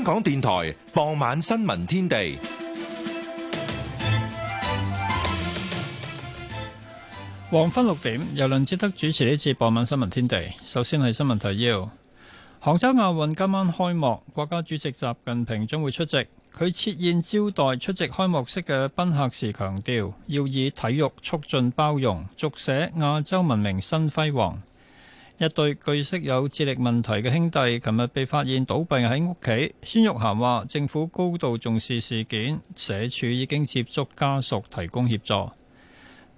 香港電台傍晚新聞天地，黃昏六點，由林智德主持呢次傍晚新聞天地。首先係新聞提要：杭州亞運今晚開幕，國家主席習近平將會出席。佢設宴招待出席開幕式嘅賓客時強調，強調要以體育促進包容，續寫亞洲文明新輝煌。一對據悉有智力問題嘅兄弟，琴日被發現倒斃喺屋企。孫玉菡話：政府高度重視事件，社署已經接觸家屬提供協助。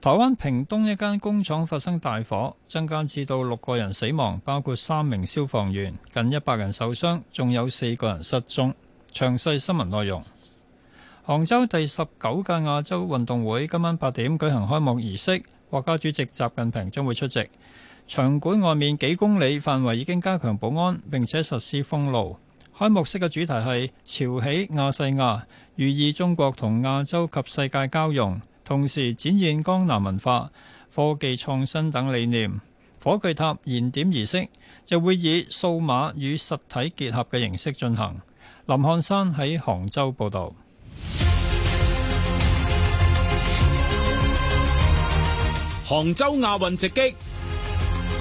台灣屏東一間工廠發生大火，增加至到六個人死亡，包括三名消防員，近一百人受傷，仲有四個人失蹤。詳細新聞內容。杭州第十九屆亞洲運動會今晚八點舉行開幕儀式，國家主席習近平將會出席。場館外面幾公里範圍已經加強保安，並且實施封路。開幕式嘅主題係潮起亞細亞，寓意中國同亞洲及世界交融，同時展現江南文化、科技創新等理念。火炬塔燃點儀式就會以數碼與實體結合嘅形式進行。林漢山喺杭州報道。杭州亞運直擊。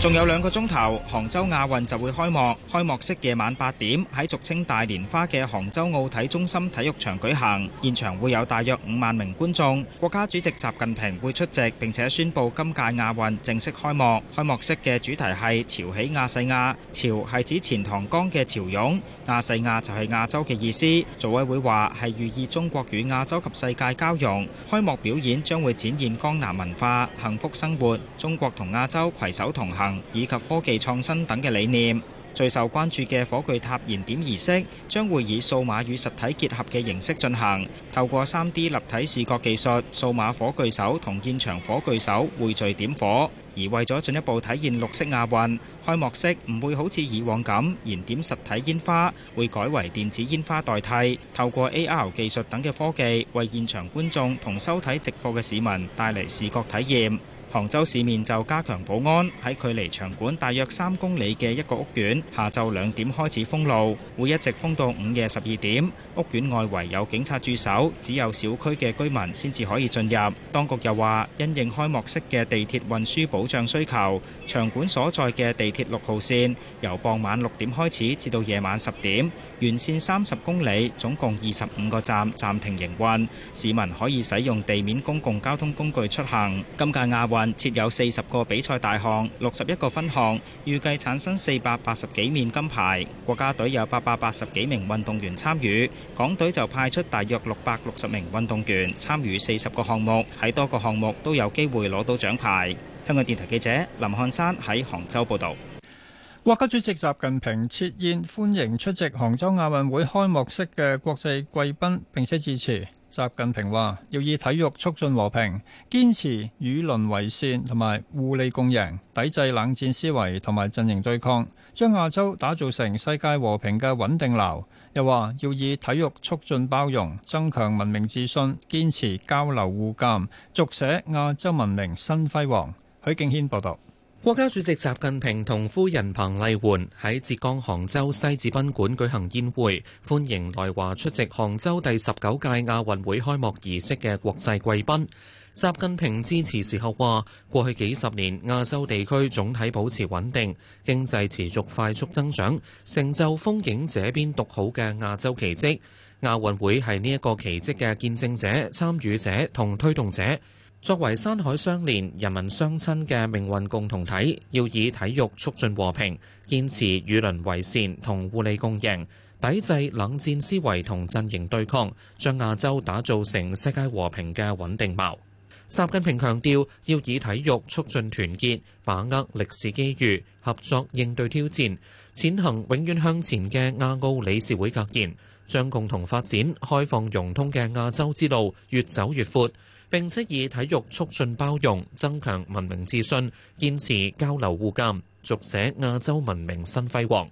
仲有兩個鐘頭杭州亞運就會開幕。開幕式夜晚八點，喺俗稱大蓮花嘅杭州奧體中心體育場舉行，現場會有大約五萬名觀眾，國家主席習近平會出席並且宣布今屆亞運正式開幕。開幕式嘅主題係潮起亞細亞，潮係指錢塘江嘅潮湧，亞細亞就係亞洲嘅意思。組委會話係寓意中國與亞洲及世界交融。開幕表演將會展現江南文化、幸福生活、中國同亞洲攜手同行。以及科技創新等嘅理念，最受關注嘅火炬塔燃點儀式將會以數碼與實體結合嘅形式進行，透過 3D 立體視覺技術、數碼火炬手同現場火炬手匯聚點火。而為咗進一步體現綠色亞運，開幕式唔會好似以往咁燃點實體煙花，會改為電子煙花代替，透過 AR 技術等嘅科技，為現場觀眾同收睇直播嘅市民帶嚟視覺體驗。杭州市面就加強保安，喺距離場館大約三公里嘅一個屋苑，下晝兩點開始封路，會一直封到午夜十二點。屋苑外圍有警察駐守，只有小區嘅居民先至可以進入。當局又話，因應開幕式嘅地鐵運輸保障需求，場館所在嘅地鐵六號線由傍晚六點開始至到夜晚十點，沿線三十公里，總共二十五個站暫停營運。市民可以使用地面公共交通工具出行。今屆亞運設有四十個比賽大項、六十一個分項，預計產生四百八十幾面金牌。國家隊有八百八十幾名運動員參與，港隊就派出大約六百六十名運動員參與四十個項目，喺多個項目都有機會攞到獎牌。香港電台記者林漢山喺杭州報道。國家主席習近平設宴歡迎出席杭州亞運會開幕式嘅國際貴賓，並且致辭。習近平話：要以體育促進和平，堅持與鄰為善同埋互利共贏，抵制冷戰思維同埋陣營對抗，將亞洲打造成世界和平嘅穩定流。又話要以體育促進包容，增強文明自信，堅持交流互鑒，續寫亞洲文明新輝煌。許敬軒報道。國家主席習近平同夫人彭麗媛喺浙江杭州西子賓館舉行宴會，歡迎來華出席杭州第十九屆亞運會開幕儀式嘅國際貴賓。習近平致辭時候話：過去幾十年，亞洲地區總體保持穩定，經濟持續快速增長，成就風景這邊獨好嘅亞洲奇蹟。亞運會係呢一個奇蹟嘅見證者、參與者同推動者。作為山海相連、人民相親嘅命運共同體，要以體育促進和平，堅持與鄰為善同互利共贏，抵制冷戰思維同陣營對抗，將亞洲打造成世界和平嘅穩定錨。習近平強調，要以體育促進團結，把握歷史機遇，合作應對挑戰，踐行永遠向前嘅亞奧理事會格言，將共同發展、開放融通嘅亞洲之路越走越闊。並且以體育促進包容，增強文明自信，堅持交流互鑑，續寫亞洲文明新輝煌。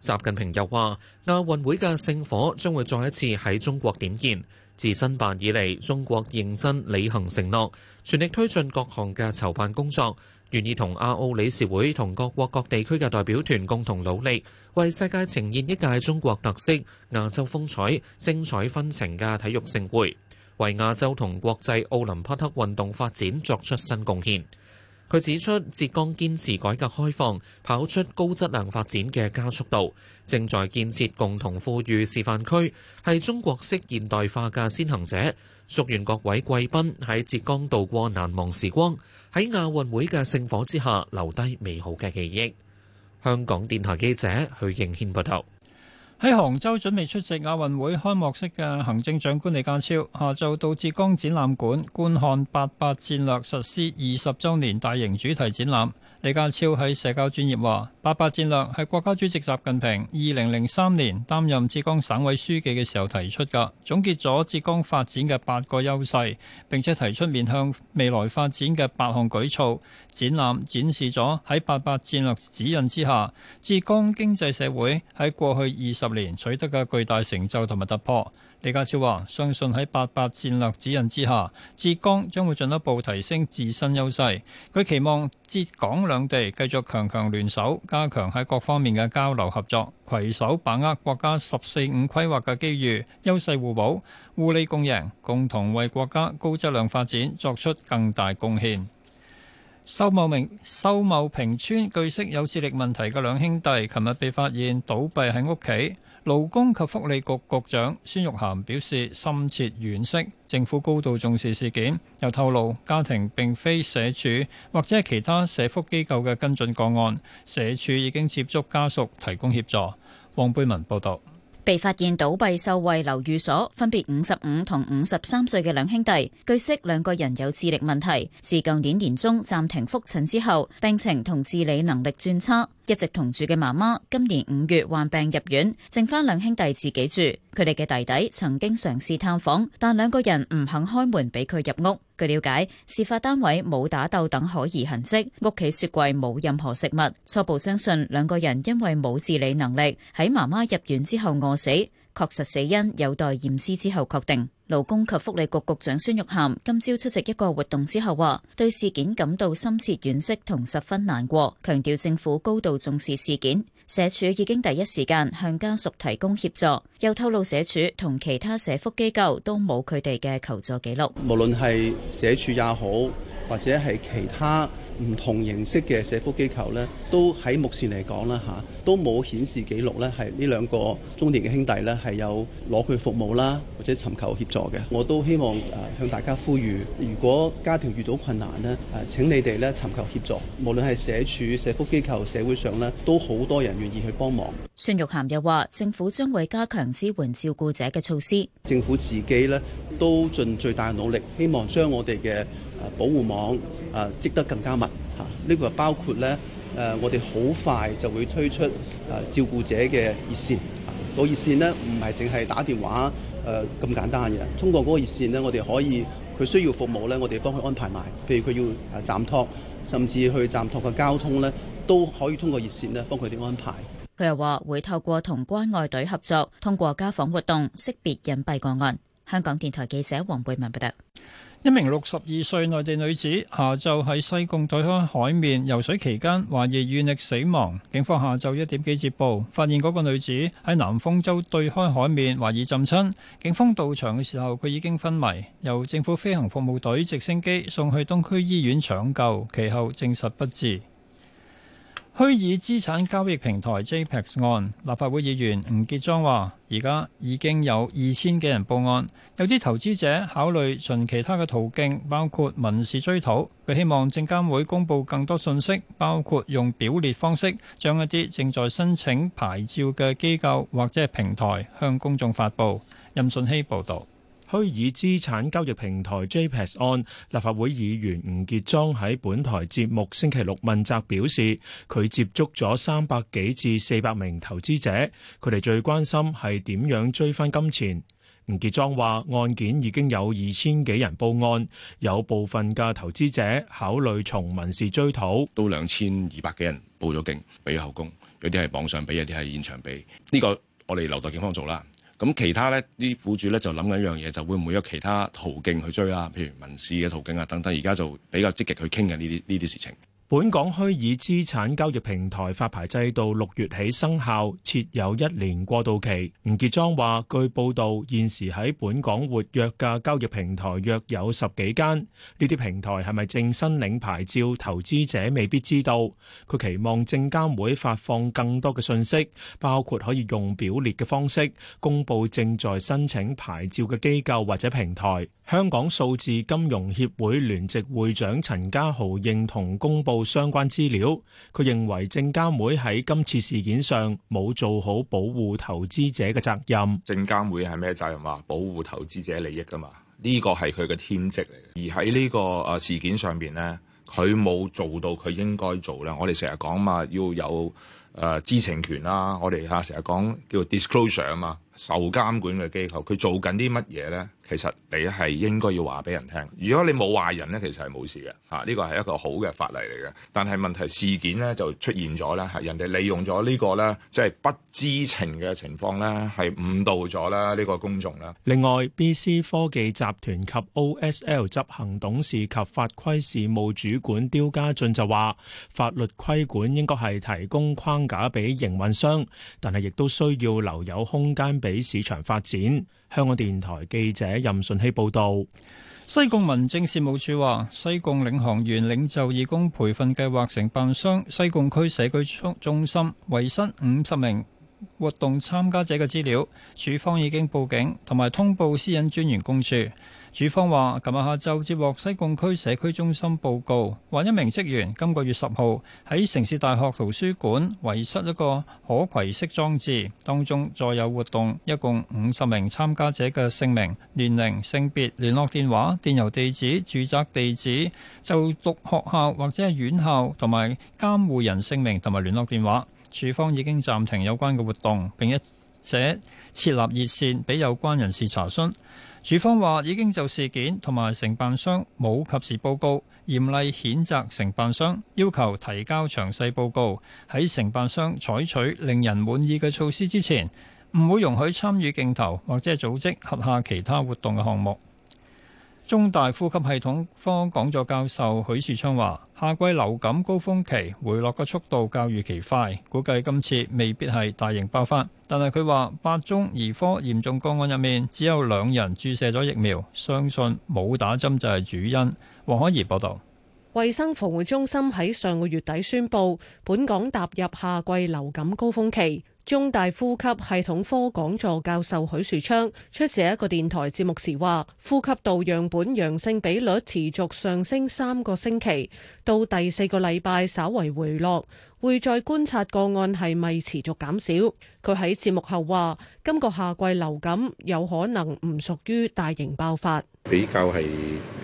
習近平又話：亞運會嘅聖火將會再一次喺中國點燃。自申辦以嚟，中國認真履行承諾，全力推進各項嘅籌辦工作，願意同亞奧理事會同各國各地區嘅代表團共同努力，為世界呈現一屆中國特色、亞洲風采、精彩紛呈嘅體育盛會。為亞洲同國際奧林匹克運動發展作出新貢獻。佢指出，浙江堅持改革開放，跑出高質量發展嘅加速度，正在建設共同富裕示範區，係中國式現代化嘅先行者。祝願各位貴賓喺浙江度過難忘時光，喺亞運會嘅聖火之下留低美好嘅記憶。香港電台記者許應軒報道。喺杭州準備出席亞運會開幕式嘅行政長官李家超，下晝到浙江展覽館觀看《八八戰略實施二十周年》大型主題展覽。李家超喺社交專頁話：八八戰略係國家主席習近平二零零三年擔任浙江省委書記嘅時候提出噶，總結咗浙江發展嘅八個優勢，並且提出面向未來發展嘅八項舉措。展覽展示咗喺八八戰略指引之下，浙江經濟社會喺過去二十年取得嘅巨大成就同埋突破。李家超話：相信喺八八戰略指引之下，浙江將會進一步提升自身優勢。佢期望浙港兩地繼續強強聯手，加強喺各方面嘅交流合作，攜手把握國家「十四五」規劃嘅機遇，優勢互補，互利共贏，共同為國家高質量發展作出更大貢獻。秀茂坪、秀茂坪邨據悉有智力問題嘅兩兄弟，琴日被發現倒斃喺屋企。勞工及福利局局長孫玉菡表示深切惋惜，政府高度重視事件。又透露家庭並非社署或者係其他社福機構嘅跟進個案，社署已經接觸家屬提供協助。黃貝文報道，被發現倒閉受惠留寓所，分別五十五同五十三歲嘅兩兄弟。據悉兩個人有智力問題，自舊年年中暫停復診之後，病情同自理能力轉差。一直同住嘅媽媽今年五月患病入院，剩翻兩兄弟自己住。佢哋嘅弟弟曾經嘗試探訪，但兩個人唔肯開門俾佢入屋。據了解，事發單位冇打鬥等可疑痕迹，屋企雪櫃冇任何食物。初步相信兩個人因為冇自理能力，喺媽媽入院之後餓死。確實死因有待驗屍之後確定。勞工及福利局局長孫玉菡今朝出席一個活動之後，話對事件感到深切惋惜同十分難過，強調政府高度重視事件，社署已經第一時間向家屬提供協助，又透露社署同其他社福機構都冇佢哋嘅求助記錄，無論係社署也好，或者係其他。唔同形式嘅社福機構咧，都喺目前嚟講啦嚇，都冇顯示記錄咧，係呢兩個中年嘅兄弟咧，係有攞佢服務啦，或者尋求協助嘅。我都希望誒向大家呼籲，如果家庭遇到困難呢，誒請你哋咧尋求協助，無論係社署、社福機構、社會上咧，都好多人願意去幫忙。孫玉菡又話：政府將會加強支援照顧者嘅措施。政府自己咧都盡最大努力，希望將我哋嘅。保護網啊，織得更加密嚇。呢個包括呢，誒，我哋好快就會推出誒照顧者嘅熱線。個熱線呢，唔係淨係打電話誒咁簡單嘅。通過嗰個熱線咧，我哋可以佢需要服務呢，我哋幫佢安排埋。譬如佢要誒暫託，甚至去暫託嘅交通呢，都可以通過熱線呢幫佢哋安排。佢又話會透過同關愛隊合作，通過家訪活動識別隱蔽個案。香港電台記者黃貝文報道。一名六十二歲內地女子下晝喺西貢對開海面游水期間，懷疑遇溺死亡。警方下晝一點幾接報，發現嗰個女子喺南豐洲對開海面，懷疑浸親。警方到場嘅時候，佢已經昏迷，由政府飛行服務隊直升機送去東區醫院搶救，其後證實不治。虛擬資產交易平台 JPEX 案，立法會議員吳傑莊話：而家已經有二千幾人報案，有啲投資者考慮循其他嘅途徑，包括民事追討。佢希望證監會公布更多信息，包括用表列方式將一啲正在申請牌照嘅機構或者平台向公眾發布。任信希報導。虛擬資產交易平台 JPEX 案，立法會議員吳傑莊喺本台節目星期六問責表示，佢接觸咗三百幾至四百名投資者，佢哋最關心係點樣追翻金錢。吳傑莊話案件已經有二千幾人報案，有部分嘅投資者考慮從民事追討，都兩千二百幾人報咗警，俾後供。有啲係網上俾，有啲係現場俾，呢個我哋留待警方做啦。咁其他呢，啲苦主呢，就諗緊一樣嘢，就會唔會有其他途徑去追啊，譬如民事嘅途徑啊，等等，而家就比較積極去傾嘅呢啲呢啲事情。本港虛擬資產交易平台發牌制度六月起生效，設有一年過渡期。吳傑莊話，據報道，現時喺本港活躍嘅交易平台約有十幾間，呢啲平台係咪正申領牌照，投資者未必知道。佢期望證監會發放更多嘅信息，包括可以用表列嘅方式公布正在申請牌照嘅機構或者平台。香港數字金融協會聯席會長陳家豪認同公布相關資料，佢認為證監會喺今次事件上冇做好保護投資者嘅責任。證監會係咩責任啊？保護投資者利益噶嘛？呢個係佢嘅天職嚟嘅。而喺呢個誒事件上邊咧，佢冇做到佢應該做咧。我哋成日講嘛，要有誒知情權啦。我哋吓成日講叫 disclosure 啊嘛。受監管嘅機構，佢做緊啲乜嘢呢？其實你係應該要話俾人聽。如果你冇壞人呢，其實係冇事嘅嚇。呢個係一個好嘅法例嚟嘅。但係問題事件呢，就出現咗啦，係人哋利用咗呢個咧，即係不知情嘅情況咧，係誤導咗啦呢個公眾啦。另外，BC 科技集團及 OSL 執行董事及法規事務主管刁家俊就話：法律規管應該係提供框架俾營運商，但係亦都需要留有空間。俾市場發展。香港電台記者任順熙報導，西貢民政事務處話，西貢領航員領袖義工培訓計劃承辦商西貢區社區中心遺失五十名活動參加者嘅資料，處方已經報警同埋通報私隱專員公署。署方話，琴日下晝接獲西貢區社區中心報告，話一名職員今個月十號喺城市大學圖書館遺失一個可攜式裝置，當中載有活動一共五十名參加者嘅姓名、年齡、性別、聯絡電話、電郵地址、住宅地址、就讀學校或者係院校同埋監護人姓名同埋聯絡電話。署方已經暫停有關嘅活動，並且設立熱線俾有關人士查詢。主方話已經就事件同埋承辦商冇及時報告，嚴厲譴責承辦商，要求提交詳細報告。喺承辦商採取令人滿意嘅措施之前，唔會容許參與競投或者組織轄下其他活動嘅項目。中大呼吸系統科講座教授許樹昌話，夏季流感高峰期回落嘅速度較預期快，估計今次未必係大型爆發，但係，佢話八宗兒科嚴重個案入面，只有兩人注射咗疫苗，相信冇打針就係主因。黃可怡報道。衛生防護中心喺上個月底宣布，本港踏入夏季流感高峰期。中大呼吸系統科講座教授許樹昌出席一個電台節目時話，呼吸道樣本陽性比率持續上升三個星期，到第四個禮拜稍為回落，會再觀察個案係咪持續減少。佢喺節目後話，今個夏季流感有可能唔屬於大型爆發，比較係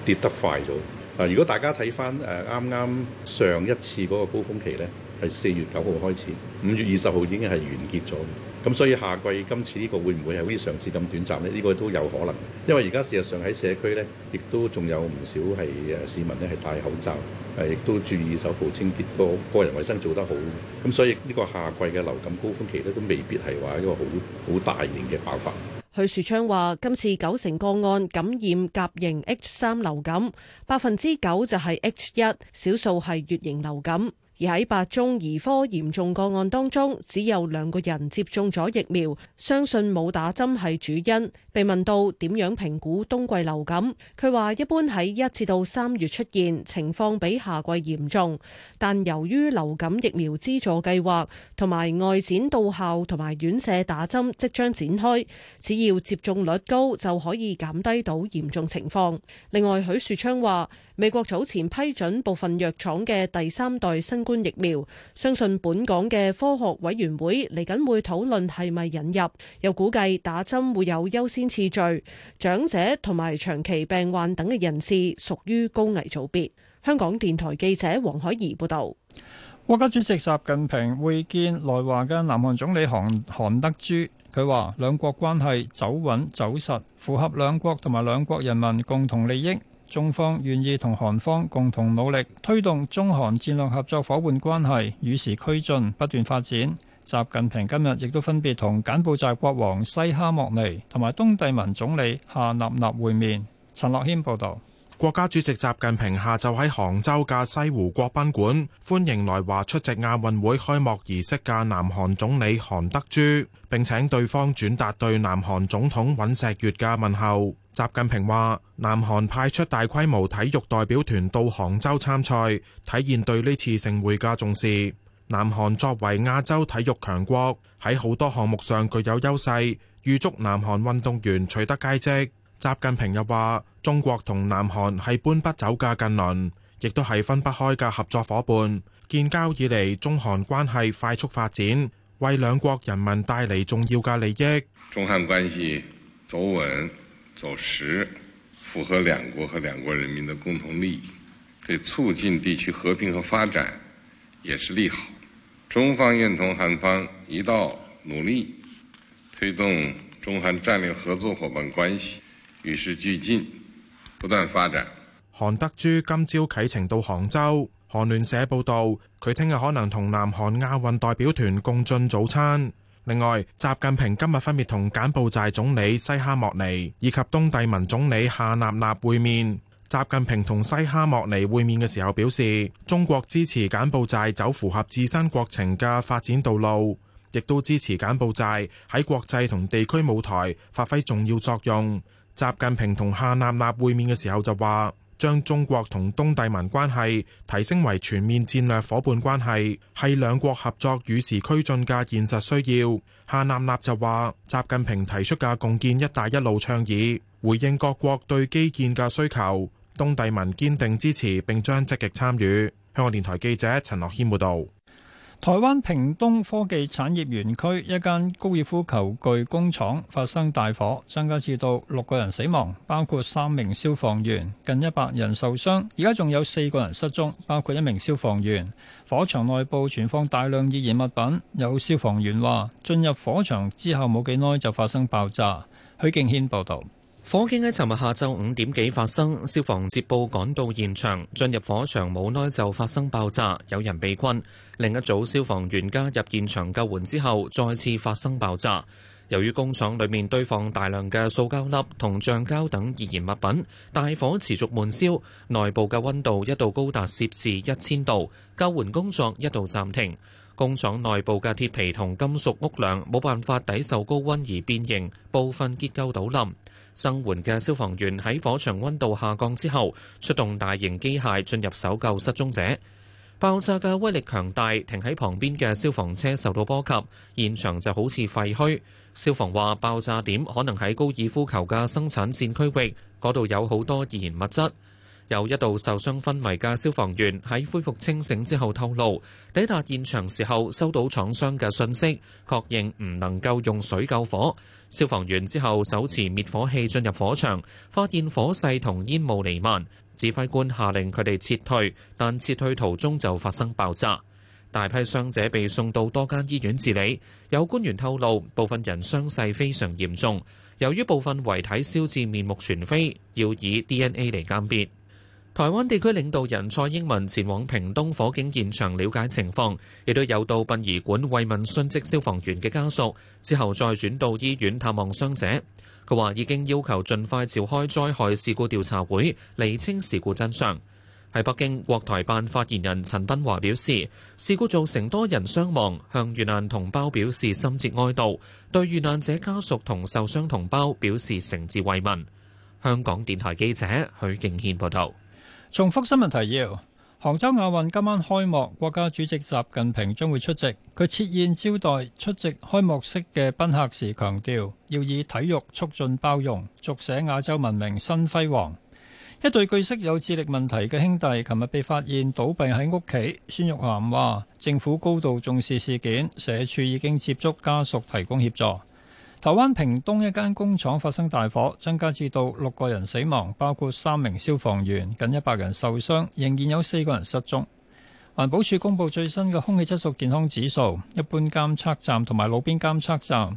跌得快咗。啊！如果大家睇翻誒啱啱上一次嗰個高峰期呢，係四月九號開始，五月二十號已經係完結咗嘅。咁所以夏季今次呢個會唔會係好似上次咁短暫呢？呢、呢個都有可能，因為而家事實上喺社區呢，亦都仲有唔少係誒市民呢係戴口罩，係、啊、亦都注意手部清潔，個個人衞生做得好。咁所以呢個夏季嘅流感高峰期咧，都未必係話一個好好大型嘅爆發。許樹昌話：今次九成個案感染甲型 H 三流感，百分之九就係、是、H 一，少數係乙型流感。而喺八宗兒科嚴重個案當中，只有兩個人接種咗疫苗，相信冇打針係主因。被問到點樣評估冬季流感，佢話一般喺一至到三月出現，情況比夏季嚴重。但由於流感疫苗資助計劃同埋外展到校同埋院舍打針即將展開，只要接種率高就可以減低到嚴重情況。另外，許樹昌話：美國早前批准部分藥廠嘅第三代新冠疫苗，相信本港嘅科學委員會嚟緊會討論係咪引入，又估計打針會有優先次序，長者同埋長期病患等嘅人士屬於高危組別。香港電台記者黃海怡報道。國家主席習近平會見來華嘅南韓總理韓韓德洙，佢話兩國關係走穩走實，符合兩國同埋兩國人民共同利益。中方願意同韓方共同努力，推動中韓戰略合作伙伴關係與時俱進、不斷發展。習近平今日亦都分別同柬埔寨國王西哈莫尼同埋東帝汶總理夏納納會面。陳樂軒報導，國家主席習近平下晝喺杭州嘅西湖國賓館歡迎來華出席亞運會開幕儀式嘅南韓總理韓德珠，並請對方轉達對南韓總統尹錫悅嘅問候。習近平話，南韓派出大規模體育代表團到杭州參賽，體現對呢次盛會嘅重視。南韓作為亞洲體育強國，喺好多項目上具有優勢，預祝南韓運動員取得佳績。習近平又話，中國同南韓係搬不走嘅近鄰，亦都係分不開嘅合作伙伴。建交以嚟，中韓關係快速發展，為兩國人民帶嚟重要嘅利益。中韓關係早穩。走實，符合兩國和兩國人民的共同利益，對促進地區和平和發展也是利好。中方願同韓方一道努力，推動中韓戰略合作伙伴關係與時俱進，不斷發展。韓德珠今朝啟程到杭州，韓聯社報道，佢聽日可能同南韓亞運代表團共進早餐。另外，習近平今日分別同柬埔寨總理西哈莫尼以及東帝汶總理夏納納會面。習近平同西哈莫尼會面嘅時候表示，中國支持柬埔寨走符合自身國情嘅發展道路，亦都支持柬埔寨喺國際同地區舞台發揮重要作用。習近平同夏納納會面嘅時候就話。將中國同東帝汶關係提升為全面戰略夥伴關係，係兩國合作與時俱進嘅現實需要。夏納納就話，習近平提出嘅共建“一帶一路”倡議，回應各國對基建嘅需求，東帝汶堅定支持，並將積極參與。香港電台記者陳樂謙報道。台灣屏東科技產業園區一間高爾夫球具工廠發生大火，增加至到六個人死亡，包括三名消防員，近一百人受傷，而家仲有四個人失蹤，包括一名消防員。火場內部存放大量易燃物品，有消防員話進入火場之後冇幾耐就發生爆炸。許敬軒報道。火警喺尋日下晝五點幾發生，消防接報趕到現場，進入火場冇耐就發生爆炸，有人被困。另一組消防員加入現場救援之後，再次發生爆炸。由於工廠裡面堆放大量嘅塑膠粒同橡膠等易燃物品，大火持續悶燒，內部嘅温度一度高達攝氏一千度，救援工作一度暫停。工廠內部嘅鐵皮同金屬屋梁冇辦法抵受高温而變形，部分結構倒冧。增援嘅消防員喺火場温度下降之後，出動大型機械進入搜救失蹤者。爆炸嘅威力強大，停喺旁邊嘅消防車受到波及，現場就好似廢墟。消防話，爆炸點可能喺高爾夫球嘅生產綫區域，嗰度有好多易燃物質。有一度受傷昏迷嘅消防員喺恢復清醒之後透露，抵達現場時候收到廠商嘅訊息，確認唔能夠用水救火。消防員之後手持滅火器進入火場，發現火勢同煙霧瀰漫，指揮官下令佢哋撤退，但撤退途中就發生爆炸。大批傷者被送到多間醫院治理，有官員透露，部分人傷勢非常嚴重。由於部分遺體燒至面目全非，要以台灣地區領導人蔡英文前往屏東火警現場了解情況，亦都有到殯儀館慰問殉職消防員嘅家屬，之後再轉到醫院探望傷者。佢話已經要求盡快召開災害事故調查會，釐清事故真相。喺北京，國台辦發言人陳斌華表示，事故造成多人傷亡，向遇難同胞表示深切哀悼，對遇難者家屬同受傷同胞表示誠摯慰問。香港電台記者許敬軒報道。重複新聞提要：杭州亞運今晚開幕，國家主席習近平將會出席。佢設宴招待出席開幕式嘅賓客時強調，強調要以體育促進包容，續寫亞洲文明新輝煌。一對據悉有智力問題嘅兄弟，琴日被發現倒斃喺屋企。孫玉菡話，政府高度重視事件，社署已經接觸家屬提供協助。台灣屏東一間工廠發生大火，增加至到六個人死亡，包括三名消防員，近一百人受傷，仍然有四個人失蹤。環保署公布最新嘅空氣質素健康指數，一般監測站同埋路邊監測站。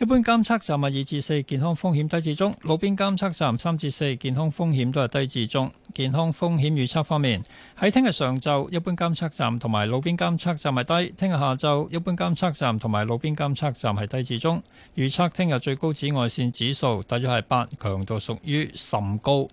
一般監測站係二至四，健康風險低至中；路邊監測站三至四，健康風險都係低至中。健康風險預測方面，喺聽日上晝，一般監測站同埋路邊監測站係低；聽日下晝，一般監測站同埋路邊監測站係低至中。預測聽日最高紫外線指數大約係八，強度屬於甚高。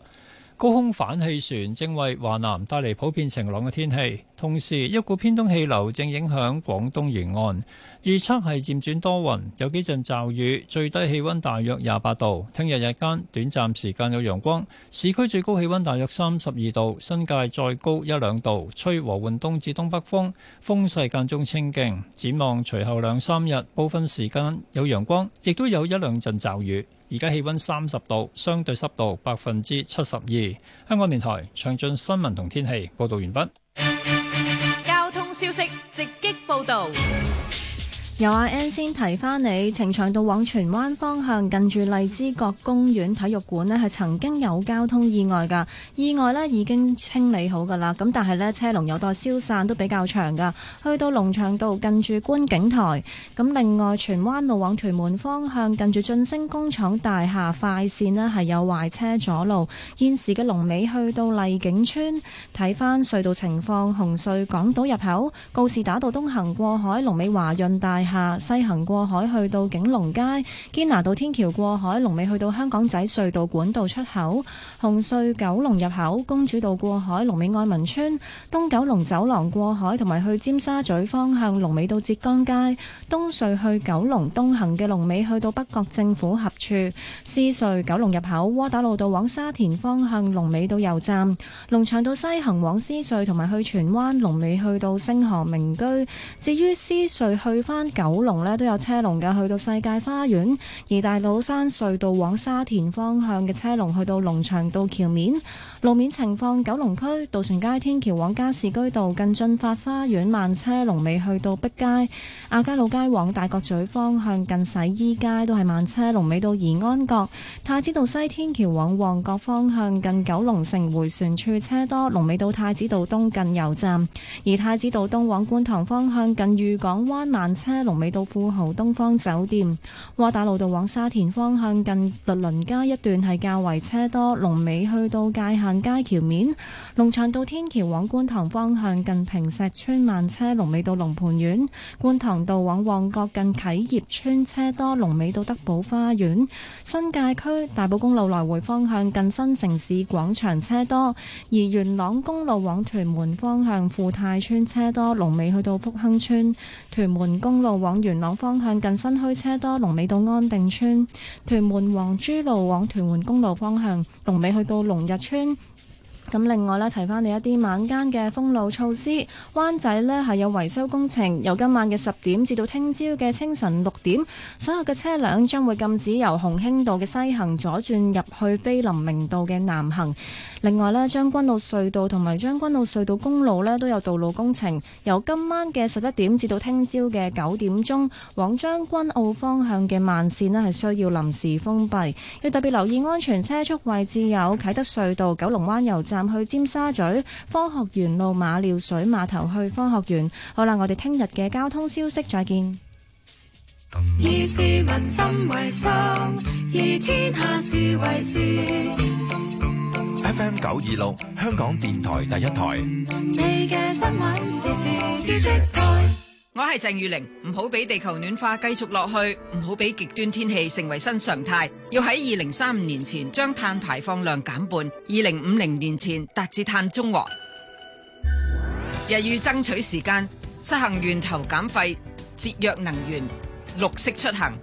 高空反氣旋正為華南帶嚟普遍晴朗嘅天氣，同時一股偏東氣流正影響廣東沿岸，預測係漸轉多雲，有幾陣驟雨，最低氣溫大約廿八度。聽日日間短暫時間有陽光，市區最高氣溫大約三十二度，新界再高一兩度，吹和緩東至東北風，風勢間中清勁。展望隨後兩三日，部分時間有陽光，亦都有一兩陣驟雨。而家氣溫三十度，相對濕度百分之七十二。香港電台詳盡新聞同天氣報道完畢。交通消息直擊報道。由阿 N 先提翻你，呈祥道往荃灣方向近住荔枝角公園體育館呢係曾經有交通意外噶，意外呢已經清理好噶啦。咁但係呢車龍有待消散都比較長噶。去到龍翔道近住觀景台，咁另外荃灣路往屯門方向近住晉升工廠大廈快線呢係有壞車阻路。現時嘅龍尾去到麗景村，睇翻隧道情況，紅隧港島入口，告士打道東行過海龍尾華潤大。西行過海，去到景隆街，九龍咧都有車龍嘅，去到世界花園，而大老山隧道往沙田方向嘅車龍去到龍翔道橋面路面情況，九龍區渡船街天橋往加士居道近駿發花園慢車龍尾去到碧街，亞皆老街往大角咀方向近洗衣街都係慢車龍尾到怡安閣，太子道西天橋往旺角方向近九龍城回旋處車多龍尾到太子道東近油站，而太子道東往觀塘方向近御港灣慢車。龍尾到富豪東方酒店，窩打老道往沙田方向近律倫街一段係較為車多，龍尾去到界限街橋面，龍翔道天橋往觀塘方向近坪石村慢車，龍尾到龍蟠苑，觀塘道往旺角近啟業村車多，龍尾到德寶花園，新界區大埔公路來回方向近新城市廣場車多，而元朗公路往屯門方向富泰村車多，龍尾去到福亨村，屯門公路。往元朗方向近新墟，車多；龍尾到安定村。屯門黃珠路往屯門公路方向，龍尾去到龍日村。咁另外咧，提翻你一啲晚間嘅封路措施。灣仔咧，係有維修工程，由今晚嘅十點至到聽朝嘅清晨六點，所有嘅車輛將會禁止由洪興道嘅西行左轉入去菲林明道嘅南行。另外咧，將軍澳隧道同埋將軍澳隧道公路咧，都有道路工程，由今晚嘅十一點至到聽朝嘅九點鐘，往將軍澳方向嘅慢線咧係需要臨時封閉，要特別留意安全車速位置，有啟德隧道、九龍灣油站去尖沙咀、科學園路、馬料水碼頭去科學園。好啦，我哋聽日嘅交通消息再見。以市民心為心，以天下事為事。FM 九二六香港電台第一台。我係鄭裕玲，唔好俾地球暖化繼續落去，唔好俾極端天氣成為新常態。要喺二零三五年前將碳排放量減半，二零五零年前達至碳中和。日欲爭取時間，實行源頭減廢、節約能源、綠色出行，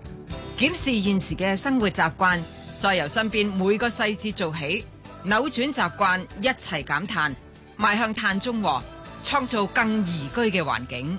檢視現時嘅生活習慣，再由身邊每個細節做起，扭轉習慣，一齊減碳，邁向碳中和，創造更宜居嘅環境。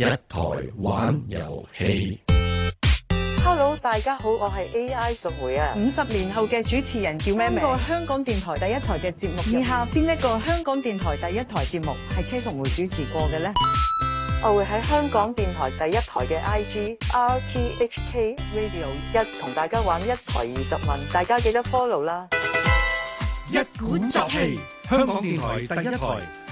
一台玩遊戲。Hello，大家好，我係 AI 淑梅啊。五十年後嘅主持人叫咩名？個香港電台第一台嘅節目。以下邊一個香港電台第一台節目係車淑梅主持過嘅呢？ 我會喺香港電台第一台嘅 IG RTHK Radio 一同大家玩一台二十問，大家記得 follow 啦。一鼓作氣，香港電台第一台。